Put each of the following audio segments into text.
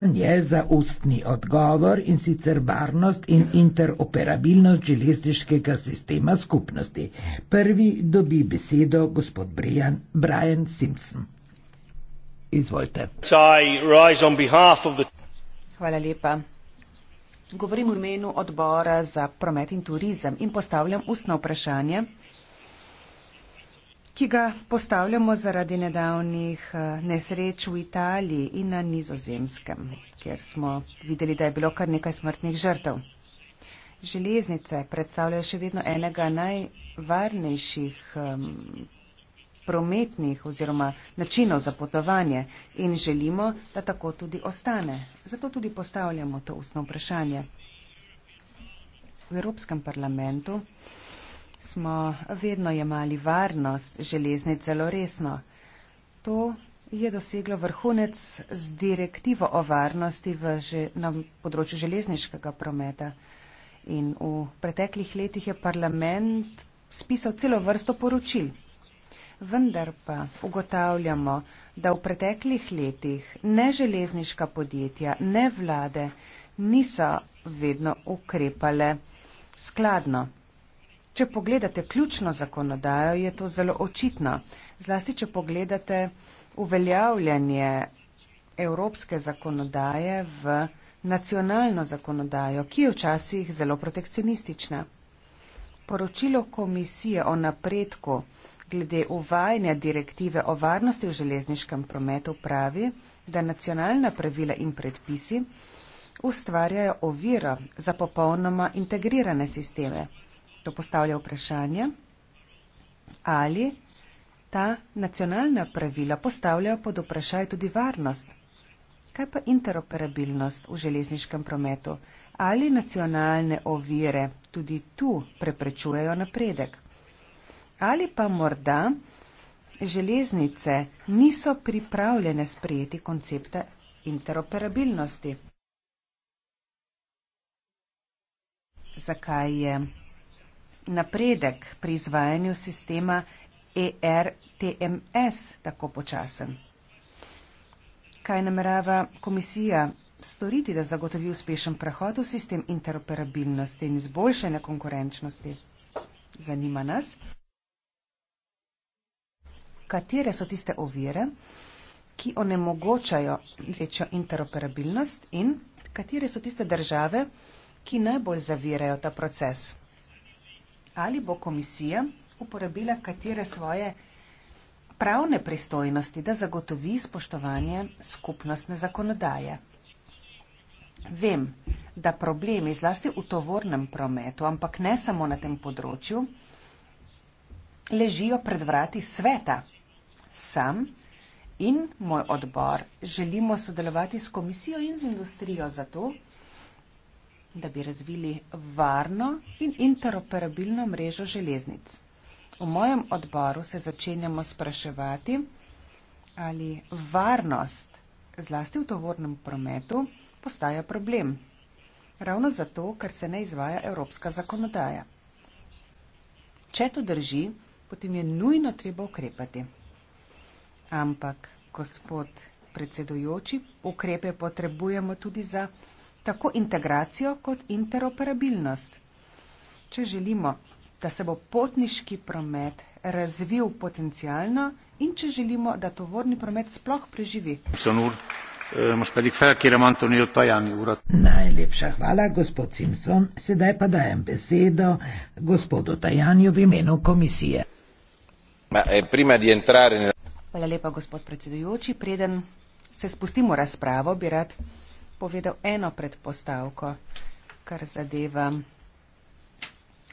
je za ustni odgovor in sicer varnost in interoperabilnost železniškega sistema skupnosti. Prvi dobi besedo gospod Brian, Brian Simpson. Izvolite. Hvala lepa. Govorim v imenu odbora za promet in turizem in postavljam ustno vprašanje ki ga postavljamo zaradi nedavnih eh, nesreč v Italiji in na nizozemskem, kjer smo videli, da je bilo kar nekaj smrtnih žrtev. Železnice predstavljajo še vedno enega najvarnejših um, prometnih oziroma načinov za potovanje in želimo, da tako tudi ostane. Zato tudi postavljamo to ustno vprašanje. V Evropskem parlamentu smo vedno jemali varnost železnic zelo resno. To je doseglo vrhunec z direktivo o varnosti že, na področju železniškega prometa. In v preteklih letih je parlament spisal celo vrsto poročil. Vendar pa ugotavljamo, da v preteklih letih ne železniška podjetja, ne vlade niso vedno ukrepale skladno. Če pogledate ključno zakonodajo, je to zelo očitno. Zlasti, če pogledate uveljavljanje evropske zakonodaje v nacionalno zakonodajo, ki je včasih zelo protekcionistična. Poročilo komisije o napredku glede uvajanja direktive o varnosti v železniškem prometu pravi, da nacionalna pravila in predpisi ustvarjajo oviro za popolnoma integrirane sisteme to postavlja vprašanje, ali ta nacionalna pravila postavljajo pod vprašaj tudi varnost. Kaj pa interoperabilnost v železniškem prometu? Ali nacionalne ovire tudi tu preprečujejo napredek? Ali pa morda železnice niso pripravljene sprejeti koncepta interoperabilnosti? Zakaj je napredek pri izvajanju sistema ERTMS tako počasen? Kaj namerava komisija storiti, da zagotovi uspešen prehod v sistem interoperabilnosti in izboljšanje konkurenčnosti? Zanima nas, katere so tiste ovire, ki onemogočajo večjo interoperabilnost in katere so tiste države, ki najbolj zavirajo ta proces ali bo komisija uporabila katere svoje pravne pristojnosti, da zagotovi spoštovanje skupnostne zakonodaje. Vem, da problemi zlasti v tovornem prometu, ampak ne samo na tem področju, ležijo pred vrati sveta. Sam in moj odbor želimo sodelovati s komisijo in z industrijo za to, da bi razvili varno in interoperabilno mrežo železnic. V mojem odboru se začenjamo spraševati, ali varnost zlasti v tovornem prometu postaja problem. Ravno zato, ker se ne izvaja evropska zakonodaja. Če to drži, potem je nujno treba ukrepati. Ampak, gospod predsedujoči, ukrepe potrebujemo tudi za tako integracijo kot interoperabilnost. Če želimo, da se bo potniški promet razvil potencialno in če želimo, da tovorni promet sploh preživi. Eh, Najlepša hvala, gospod Simpson. Sedaj pa dajem besedo gospodu Tajanju v imenu komisije. Eh, hvala lepa, gospod predsedujoči. Preden se spustimo v razpravo, bi rad povedal eno predpostavko, kar zadeva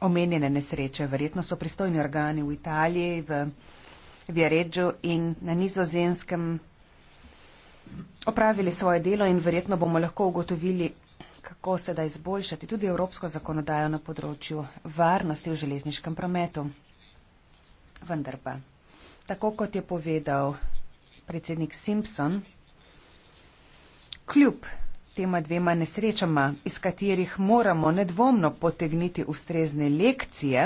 omenjene nesreče. Verjetno so pristojni organi v Italiji, v Vjereču in na nizozemskem opravili svoje delo in verjetno bomo lahko ugotovili, kako se da izboljšati tudi evropsko zakonodajo na področju varnosti v železniškem prometu. Vendar pa, tako kot je povedal predsednik Simpson, kljub tema dvema nesrečama, iz katerih moramo nedvomno potegniti ustrezne lekcije,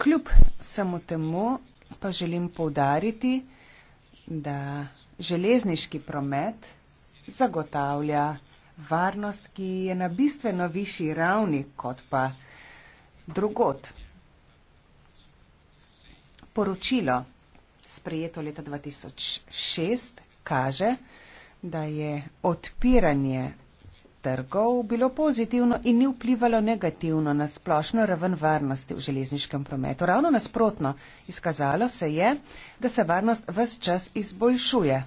kljub samo temu pa želim povdariti, da železniški promet zagotavlja varnost, ki je na bistveno višji ravni kot pa drugot. Poročilo sprejeto leta 2006 kaže, da je odpiranje trgov bilo pozitivno in ni vplivalo negativno na splošno raven varnosti v železniškem prometu. Ravno nasprotno, izkazalo se je, da se varnost vse čas izboljšuje.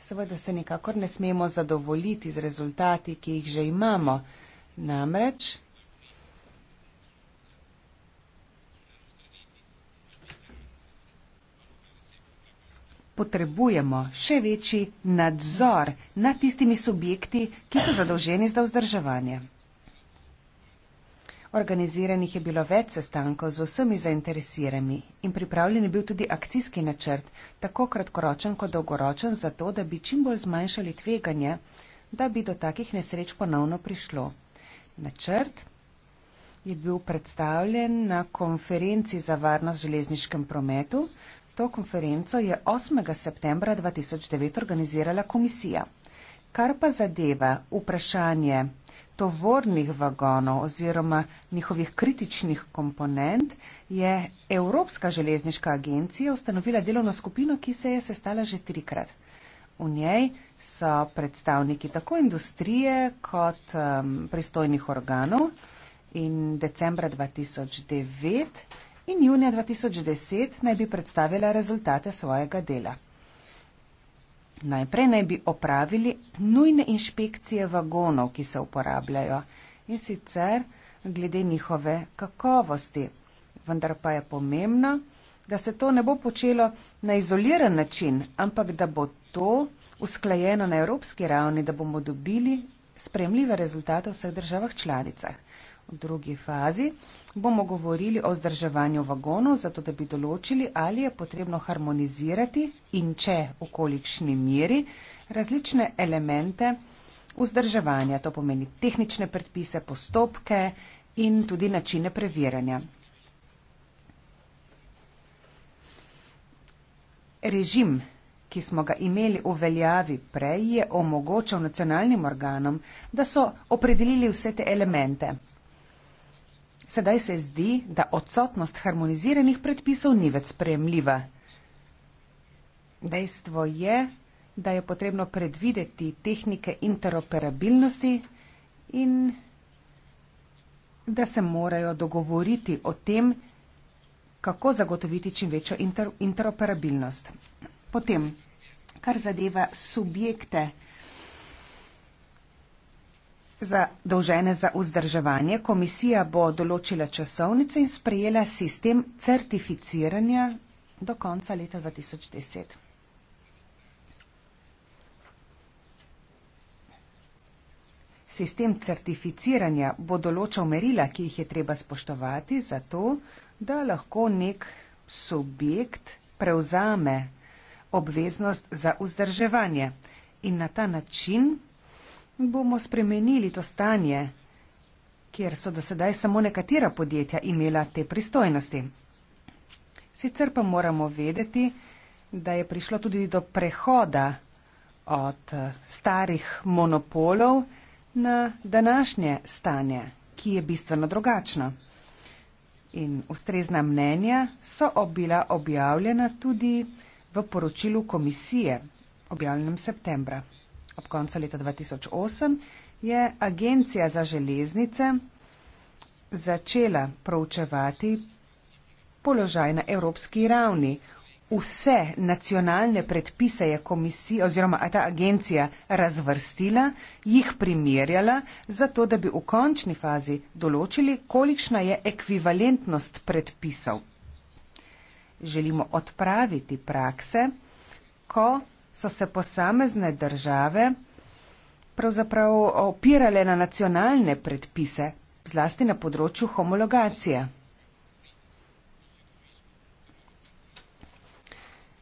Seveda se nikakor ne smemo zadovoljiti z rezultati, ki jih že imamo. Namreč potrebujemo še večji nadzor nad tistimi subjekti, ki so zadolženi za vzdrževanje. Organiziranih je bilo več sestankov z vsemi zainteresirami in pripravljen je bil tudi akcijski načrt, tako kratkoročen kot dolgoročen, zato da bi čim bolj zmanjšali tveganje, da bi do takih nesreč ponovno prišlo. Načrt je bil predstavljen na konferenci za varnost v železniškem prometu, To konferenco je 8. septembra 2009 organizirala komisija. Kar pa zadeva vprašanje tovornih vagonov oziroma njihovih kritičnih komponent, je Evropska železniška agencija ustanovila delovno skupino, ki se je sestala že trikrat. V njej so predstavniki tako industrije kot um, pristojnih organov in decembra 2009 in junija 2010 naj bi predstavila rezultate svojega dela. Najprej naj bi opravili nujne inšpekcije vagonov, ki se uporabljajo in sicer glede njihove kakovosti. Vendar pa je pomembno, da se to ne bo počelo na izoliran način, ampak da bo to usklajeno na evropski ravni, da bomo dobili spremljive rezultate v vseh državah članicah. V drugi fazi bomo govorili o vzdrževanju vagonov, zato da bi določili, ali je potrebno harmonizirati in če v kolikšni meri različne elemente vzdrževanja, to pomeni tehnične predpise, postopke in tudi načine preverjanja. Režim, ki smo ga imeli v veljavi prej, je omogočal nacionalnim organom, da so opredelili vse te elemente. Sedaj se zdi, da odsotnost harmoniziranih predpisov ni več sprejemljiva. Dejstvo je, da je potrebno predvideti tehnike interoperabilnosti in da se morajo dogovoriti o tem, kako zagotoviti čim večjo inter interoperabilnost. Potem, kar zadeva subjekte, zadolžene za vzdrževanje. Komisija bo določila časovnice in sprejela sistem certificiranja do konca leta 2010. Sistem certificiranja bo določal merila, ki jih je treba spoštovati, zato da lahko nek subjekt prevzame obveznost za vzdrževanje. In na ta način bomo spremenili to stanje, kjer so do sedaj samo nekatera podjetja imela te pristojnosti. Sicer pa moramo vedeti, da je prišlo tudi do prehoda od eh, starih monopolov na današnje stanje, ki je bistveno drugačno. In ustrezna mnenja so bila objavljena tudi v poročilu komisije, objavljenem septembra ob koncu leta 2008, je Agencija za železnice začela proučevati položaj na evropski ravni. Vse nacionalne predpise je komisija oziroma je ta agencija razvrstila, jih primerjala, zato da bi v končni fazi določili, kolikšna je ekvivalentnost predpisov. Želimo odpraviti prakse, ko so se posamezne države pravzaprav opirale na nacionalne predpise, zlasti na področju homologacije.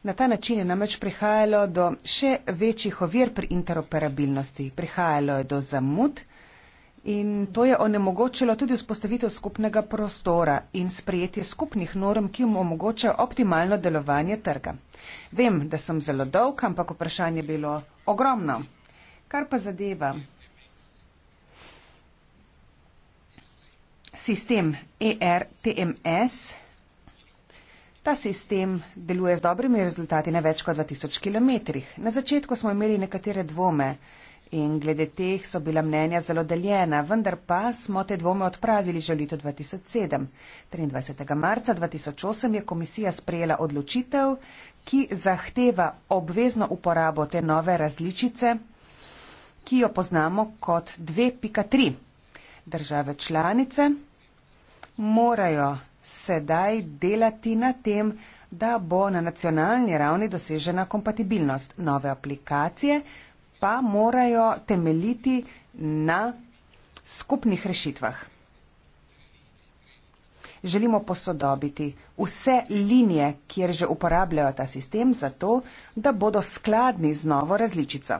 Na ta način je namreč prihajalo do še večjih ovir pri interoperabilnosti. Prihajalo je do zamud In to je onemogočilo tudi vzpostavitev skupnega prostora in sprejetje skupnih norm, ki mu omogočajo optimalno delovanje trga. Vem, da sem zelo dolg, ampak vprašanje je bilo ogromno. Kar pa zadeva sistem ERTMS, ta sistem deluje z dobrimi rezultati na več kot 2000 km. Na začetku smo imeli nekatere dvome. In glede teh so bila mnenja zelo deljena, vendar pa smo te dvome odpravili že v letu 2007. 23. marca 2008 je komisija sprejela odločitev, ki zahteva obvezno uporabo te nove različice, ki jo poznamo kot 2.3. Države članice morajo sedaj delati na tem, da bo na nacionalni ravni dosežena kompatibilnost nove aplikacije pa morajo temeljiti na skupnih rešitvah. Želimo posodobiti vse linije, kjer že uporabljajo ta sistem, zato da bodo skladni z novo različico.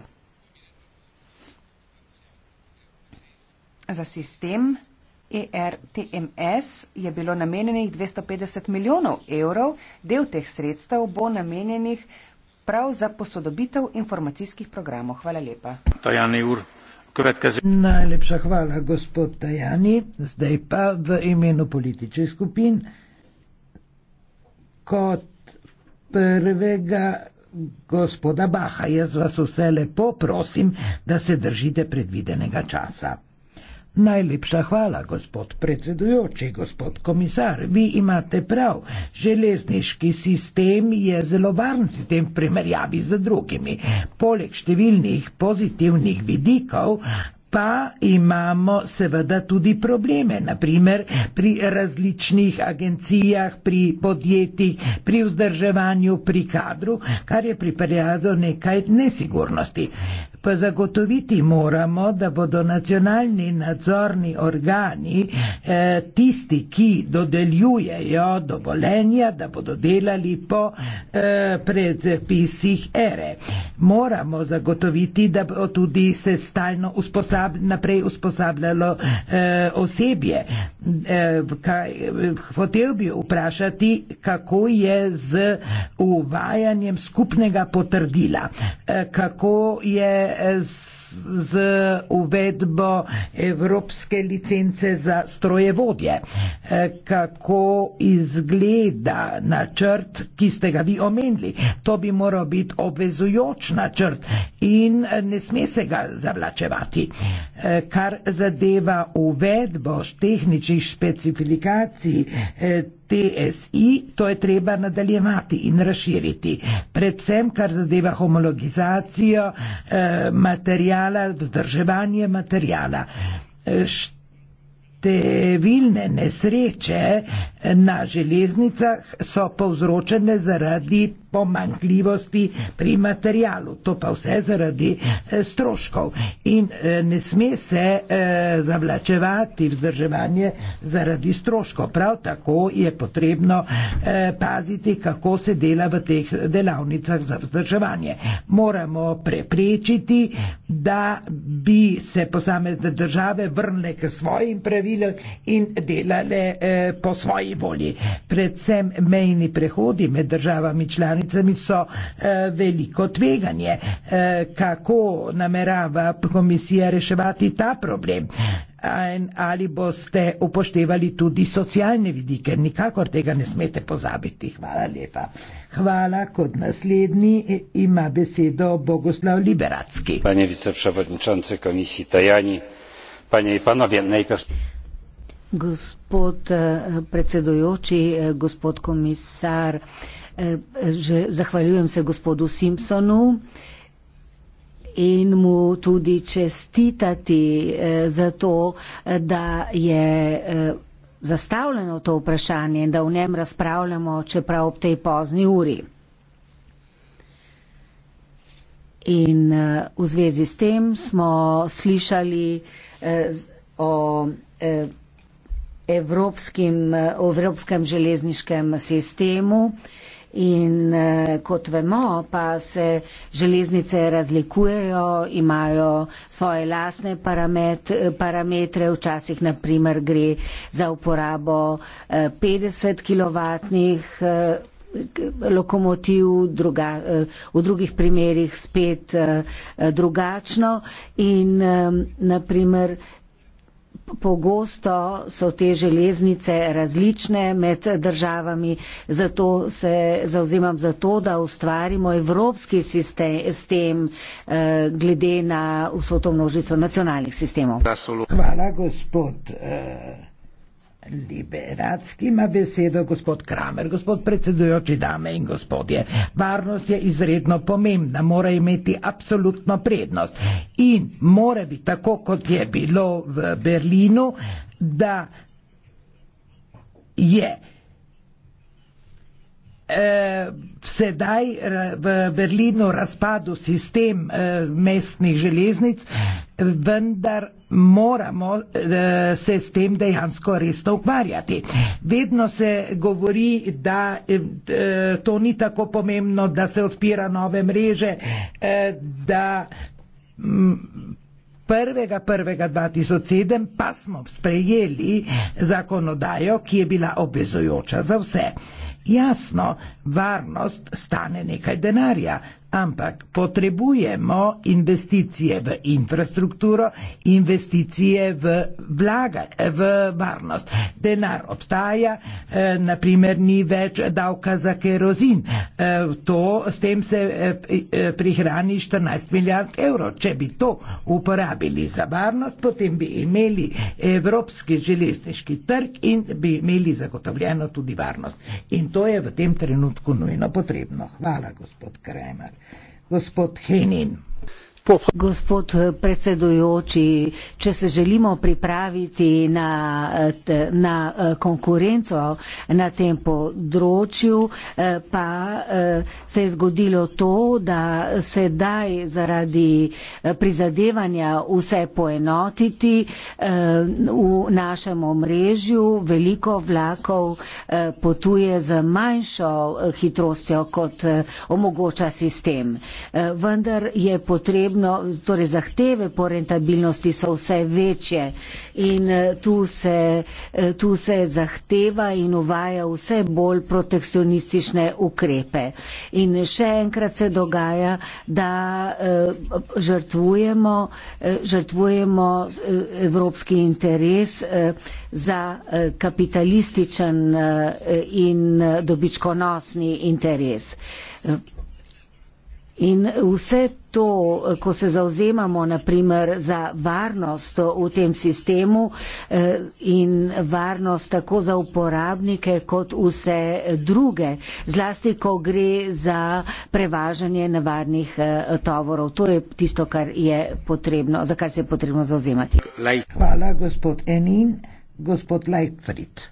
Za sistem ERTMS je bilo namenjenih 250 milijonov evrov, del teh sredstev bo namenjenih prav za posodobitev informacijskih programov. Hvala lepa. Najlepša hvala, gospod Tajani. Zdaj pa v imenu političnih skupin. Kot prvega gospoda Baha, jaz vas vse lepo prosim, da se držite predvidenega časa. Najlepša hvala, gospod predsedujoči, gospod komisar. Vi imate prav, železniški sistem je zelo varen sistem v primerjavi z drugimi. Poleg številnih pozitivnih vidikov. Pa imamo seveda tudi probleme, naprimer pri različnih agencijah, pri podjetjih, pri vzdrževanju, pri kadru, kar je pripeljalo do nekaj nesigurnosti pa zagotoviti moramo, da bodo nacionalni nadzorni organi eh, tisti, ki dodeljujejo dovoljenja, da bodo delali po eh, predpisih ere. Moramo zagotoviti, da bo tudi se stalno usposab, naprej usposabljalo eh, osebje. Eh, kaj, hotel bi vprašati, kako je z uvajanjem skupnega potrdila, eh, kako je z uvedbo evropske licence za strojevodje. E, kako izgleda načrt, ki ste ga vi omenili? To bi moral biti obvezujoč načrt in ne sme se ga zavlačevati. E, kar zadeva uvedbo tehničnih specifikacij, e, TSI, to je treba nadaljevati in razširiti. Predvsem, kar zadeva homologizacijo eh, materijala, vzdrževanje materijala. Eh, številne nesreče eh, na železnicah so povzročene zaradi pomankljivosti pri materialu. To pa vse zaradi eh, stroškov. In eh, ne sme se eh, zavlačevati vzdrževanje zaradi stroškov. Prav tako je potrebno paziti, kako se dela v teh delavnicah za vzdrževanje. Moramo preprečiti, da bi se posamezne države vrnile k svojim pravilom in delale po svoji volji. Predvsem mejni prehodi med državami članicami članicami so eh, veliko tveganje. Eh, kako namerava komisija reševati ta problem? Ali boste upoštevali tudi socialne vidike? Nikakor tega ne smete pozabiti. Hvala lepa. Hvala. Kot naslednji eh, ima besedo Bogoslav Liberacki. Panje viceprevodničance komisije Tajani, panje in panovje, najprej. Gospod predsedujoči, gospod komisar že zahvaljujem se gospodu Simpsonu in mu tudi čestitati eh, za to, eh, da je eh, zastavljeno to vprašanje in da v njem razpravljamo, čeprav ob tej pozni uri. In v zvezi s tem smo slišali o evropskem železniškem sistemu, In eh, kot vemo, pa se železnice razlikujejo, imajo svoje lasne paramet, parametre, včasih naprimer gre za uporabo 50 eh, kW eh, lokomotiv, druga, v drugih primerjih spet drugačno in naprimer pogosto so te železnice različne med državami, zato se zauzemam za to, da ustvarimo evropski sistem s tem eh, glede na vso to množico nacionalnih sistemov. Hvala, gospod. Eh... Lepe, rad skima besedo, gospod Kramer, gospod predsedujoči dame in gospodje. Varnost je izredno pomembna, mora imeti absolutno prednost in mora biti tako, kot je bilo v Berlinu, da je. Eh, sedaj eh, v Berlinu razpadu sistem eh, mestnih železnic, vendar moramo eh, se s tem dejansko resno ukvarjati. Vedno se govori, da eh, eh, to ni tako pomembno, da se odpira nove mreže, da 1.1.2007 mm, pa smo sprejeli zakonodajo, ki je bila obvezojoča za vse. Jasno, varnost stane nekaj denarja, Ampak potrebujemo investicije v infrastrukturo, investicije v vlaga, v varnost. Denar obstaja, eh, naprimer ni več davka za kerozin. Eh, to, s tem se eh, eh prihrani 14 milijard evrov. Če bi to uporabili za varnost, potem bi imeli evropski železniški trg in bi imeli zagotovljeno tudi varnost. In to je v tem trenutku nujno potrebno. Hvala, gospod Kremer gospod Henin. Gospod eh, predsedujoči, če se želimo pripraviti na, eh, na eh, konkurenco na tem področju, pa se je zgodilo to, da sedaj zaradi prizadevanja vse poenotiti v našem omrežju veliko vlakov potuje z manjšo hitrostjo, kot omogoča sistem. Vendar je potrebno potrebno, torej zahteve po rentabilnosti so vse večje in eh, tu se, eh, tu se zahteva in uvaja vse bolj protekcionistične ukrepe. In še enkrat se dogaja, da eh, žrtvujemo, žrtvujemo evropski interes za kapitalističen in dobičkonosni interes. In vse to, ko se zauzemamo naprimer za varnost v tem sistemu eh, in varnost tako za uporabnike kot vse druge, zlasti, ko gre za prevažanje nevarnih eh, tovorov. To je tisto, kar je potrebno, za kar se je potrebno zauzemati. Hvala, gospod Enin, gospod Leitfried.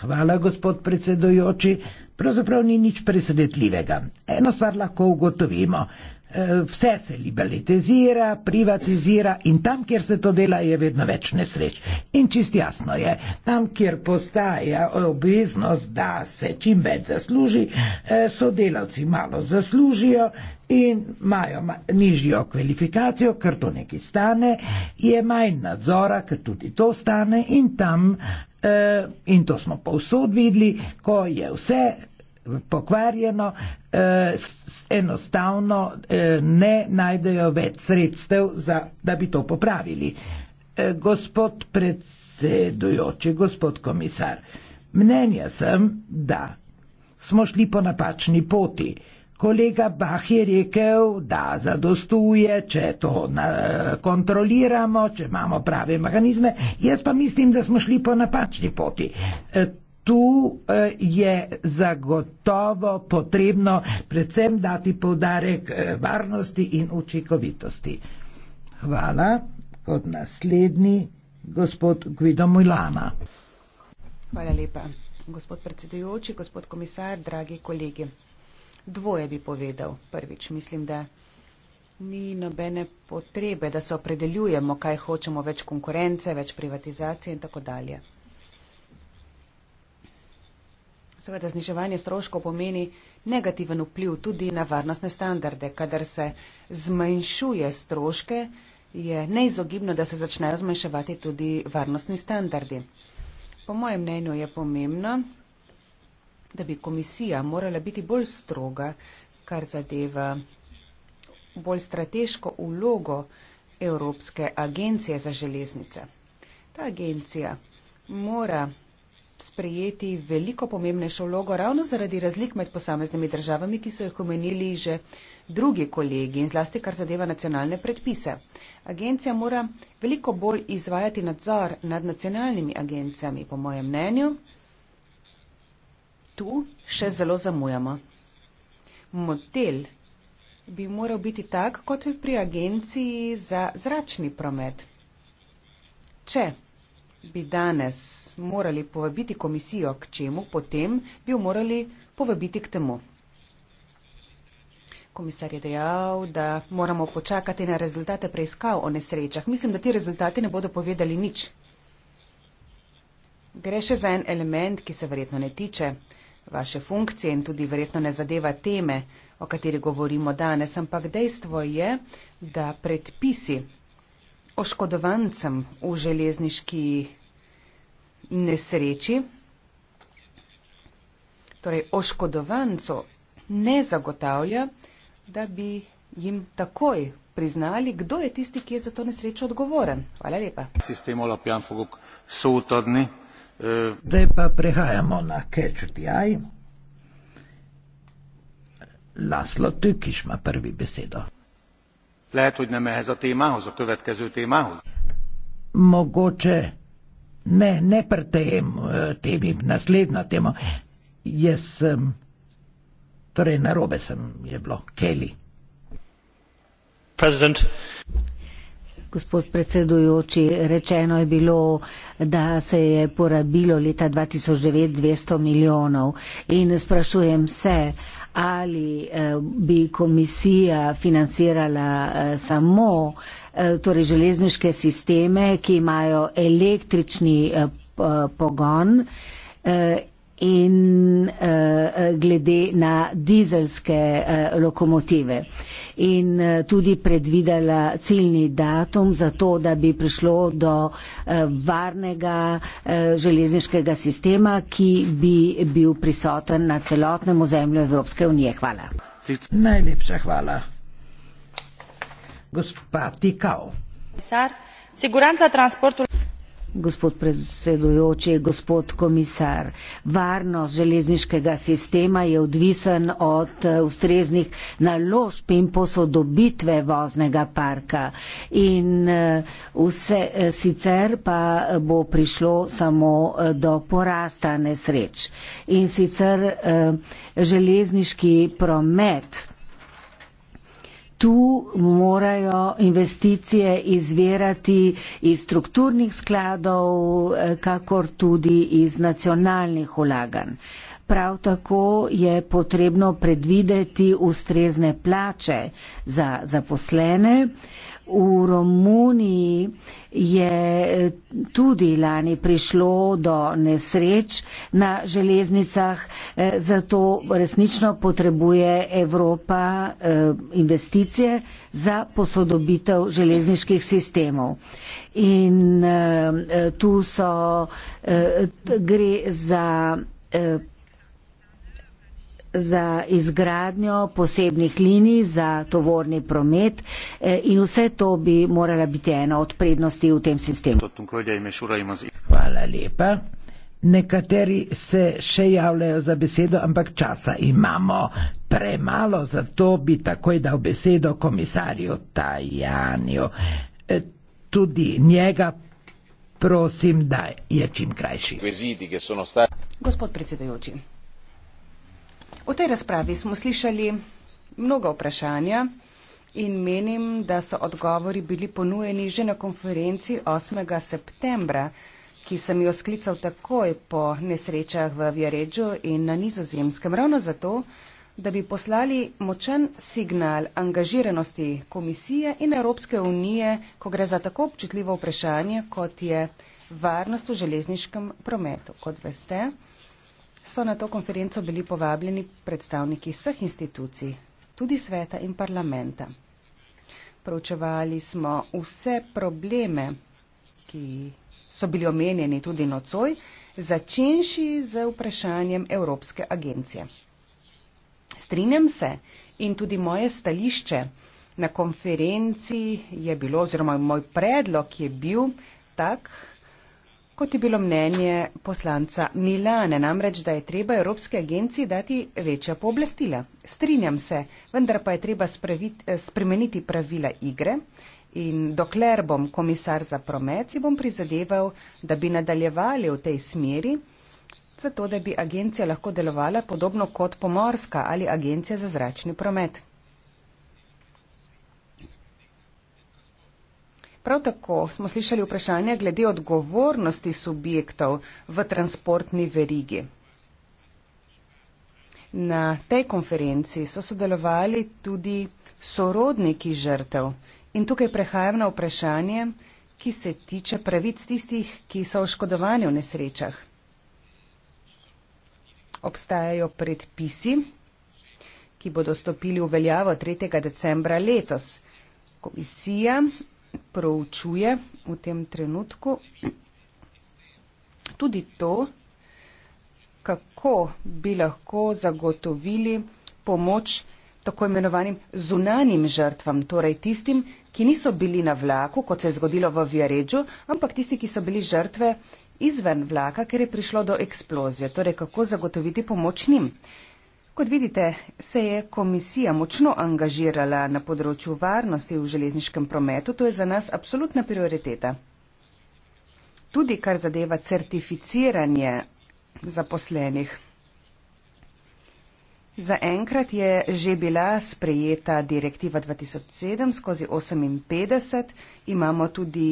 Hvala, gospod predsedujoči. Pravzaprav ni nič presenetljivega. Eno stvar lahko ugotovimo. E, vse se liberalizira, privatizira in tam, kjer se to dela, je vedno več nesreč. In čist jasno je, tam, kjer postaja obveznost, da se čim več zasluži, e, so delavci malo zaslužijo in imajo nižjo kvalifikacijo, ker to nekaj stane, je manj nadzora, ker tudi to stane in tam e, in to smo povsod videli, ko je vse pokvarjeno, e, enostavno e, ne najdejo več sredstev, za, da bi to popravili. E, gospod predsedujoči, gospod komisar, mnenja sem, da smo šli po napačni poti. Kolega Bah je rekel, da zadostuje, če to na, kontroliramo, če imamo prave mehanizme. Jaz pa mislim, da smo šli po napačni poti. E, tu e, je zagotovo potrebno predvsem dati povdarek e, varnosti in učinkovitosti. Hvala. Kot naslednji, gospod Guido Mulana. Hvala lepa, gospod predsedujoči, gospod komisar, dragi kolegi dvoje bi povedal. Prvič, mislim, da ni nobene potrebe, da se opredeljujemo, kaj hočemo, več konkurence, več privatizacije in tako dalje. Seveda, zniževanje stroškov pomeni negativen vpliv tudi na varnostne standarde. Kadar se zmanjšuje stroške, je neizogibno, da se začnejo zmanjševati tudi varnostni standardi. Po mojem mnenju je pomembno, da bi komisija morala biti bolj stroga, kar zadeva bolj strateško ulogo Evropske agencije za železnice. Ta agencija mora sprejeti veliko pomembnejšo vlogo ravno zaradi razlik med posameznimi državami, ki so jih omenili že drugi kolegi in zlasti kar zadeva nacionalne predpise. Agencija mora veliko bolj izvajati nadzor nad nacionalnimi agencijami, po mojem mnenju tu še zelo zamujamo. Model bi moral biti tak, kot je pri agenciji za zračni promet. Če bi danes morali povabiti komisijo k čemu, potem bi jo morali povabiti k temu. Komisar je dejal, da moramo počakati na rezultate preiskav o nesrečah. Mislim, da ti rezultati ne bodo povedali nič. Gre še za en element, ki se verjetno ne tiče vaše funkcije in tudi verjetno ne zadeva teme, o kateri govorimo danes, ampak dejstvo je, da predpisi oškodovancem v železniški nesreči, torej oškodovancu ne zagotavlja, da bi jim takoj priznali, kdo je tisti, ki je za to nesrečo odgovoren. Hvala lepa. Zdaj pa prehajamo na Kečutijaj. Laslo Tük is ma prvi besedo. Lehet, hogy nem ehhez a témához, a következő témához? Mogoče ne, ne pri tem eh, témi, naslednja téma. Jaz sem, torej na robe sem je bilo, Kelly. President, Gospod predsedujoči, rečeno je bilo, da se je porabilo leta 2009 200 milijonov in sprašujem se, ali eh, bi komisija financirala eh, samo eh, torej železniške sisteme, ki imajo električni pogon in uh, glede na dizelske uh, lokomotive. In uh, tudi predvidela ciljni datum za to, da bi prišlo do uh, varnega uh, železniškega sistema, ki bi bil prisoten na celotnem ozemlju Evropske unije. Hvala. Najlepša hvala. Gospa Tikao. Sar, gospod predsedujoči, gospod komisar. Varnost železniškega sistema je odvisen od eh, ustreznih naložb in posodobitve voznega parka. In eh, vse, eh, sicer pa bo prišlo samo do porasta nesreč. In sicer železniški promet tu morajo investicije izvirati iz strukturnih skladov, eh, kakor tudi iz nacionalnih ulaganj. Prav tako je potrebno predvideti ustrezne plače za zaposlene. Uh, V Romuniji je eh, tudi lani prišlo do nesreč na železnicah, eh, zato resnično potrebuje Evropa eh, investicije za posodobitev železniških sistemov. In tu so, gre za za izgradnjo posebnih linij za tovorni promet eh, in vse to bi morala biti ena od prednosti v tem sistemu. Hvala lepa. Nekateri se še javljajo za besedo, ampak časa imamo premalo, zato bi takoj dal besedo komisarju Tajanju. Eh, tudi njega prosim, da je čim krajši. Gospod predsedajoči. V tej razpravi smo slišali mnoga vprašanja in menim, da so odgovori bili ponujeni že na konferenci 8. septembra, ki sem jo sklical takoj po nesrečah v Vjareču in na nizozemskem, ravno zato, da bi poslali močen signal angažiranosti Komisije in Evropske unije, ko gre za tako občutljivo vprašanje, kot je varnost v železniškem prometu. Kot veste, so na to konferenco bili povabljeni predstavniki vseh institucij, tudi sveta in parlamenta. Pročevali smo vse probleme, ki so bili omenjeni tudi nocoj, začenši z vprašanjem Evropske agencije. Strinjam se in tudi moje stališče na konferenci je bilo, oziroma moj predlog je bil tak, kot je bilo mnenje poslanca Milane, namreč, da je treba Evropske agenciji dati večja pooblastila. Strinjam se, vendar pa je treba spraviti, eh, spremeniti pravila igre in dokler bom komisar za promet, si bom prizadeval, da bi nadaljevali v tej smeri, zato da bi agencija lahko delovala podobno kot pomorska ali agencija za zračni promet. Prav tako smo slišali vprašanje glede odgovornosti subjektov v transportni verigi. Na tej konferenci so sodelovali tudi sorodniki žrtev in tukaj prehajam na vprašanje, ki se tiče pravic tistih, ki so oškodovani v nesrečah. Obstajajo predpisi, ki bodo stopili v veljavo 3. decembra letos. Komisija proučuje v tem trenutku. Tudi to, kako bi lahko zagotovili pomoč tako imenovanim zunanim žrtvam, torej tistim, ki niso bili na vlaku, kot se je zgodilo v Vjaređu, ampak tisti, ki so bili žrtve izven vlaka, ker je prišlo do eksplozije. Torej, kako zagotoviti pomoč njim? Kot vidite, se je komisija močno angažirala na področju varnosti v železniškem prometu. To je za nas absolutna prioriteta. Tudi kar zadeva certificiranje zaposlenih. Zaenkrat je že bila sprejeta direktiva 2007 skozi 58, imamo tudi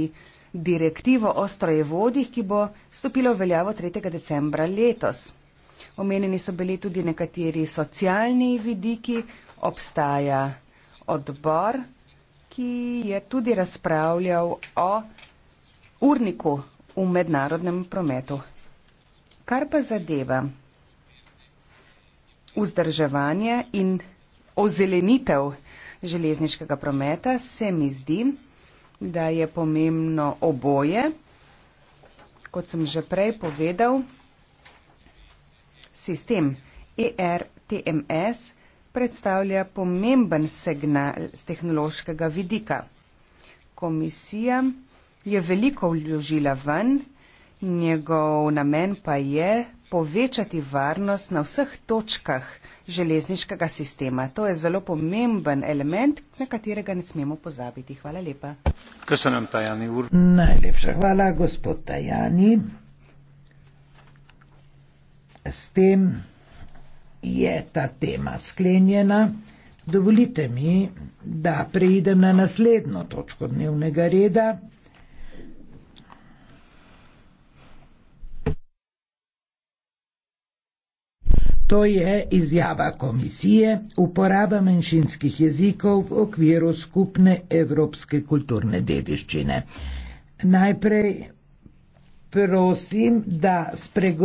direktivo o strojevodih, ki bo stopila v veljavo 3. decembra letos. Omenjeni so bili tudi nekateri socialni vidiki. Obstaja odbor, ki je tudi razpravljal o urniku v mednarodnem prometu. Kar pa zadeva vzdrževanje in ozelenitev železniškega prometa, se mi zdi, da je pomembno oboje. Kot sem že prej povedal, Sistem ERTMS predstavlja pomemben signal z tehnološkega vidika. Komisija je veliko vložila ven, njegov namen pa je povečati varnost na vseh točkah železniškega sistema. To je zelo pomemben element, na katerega ne smemo pozabiti. Hvala lepa. Kaj se nam Tajani ur? Najlepša hvala, gospod Tajani. S tem je ta tema sklenjena. Dovolite mi, da preidem na naslednjo točko dnevnega reda. To je izjava komisije uporaba menšinskih jezikov v okviru skupne evropske kulturne dediščine. Najprej prosim, da spregovorim.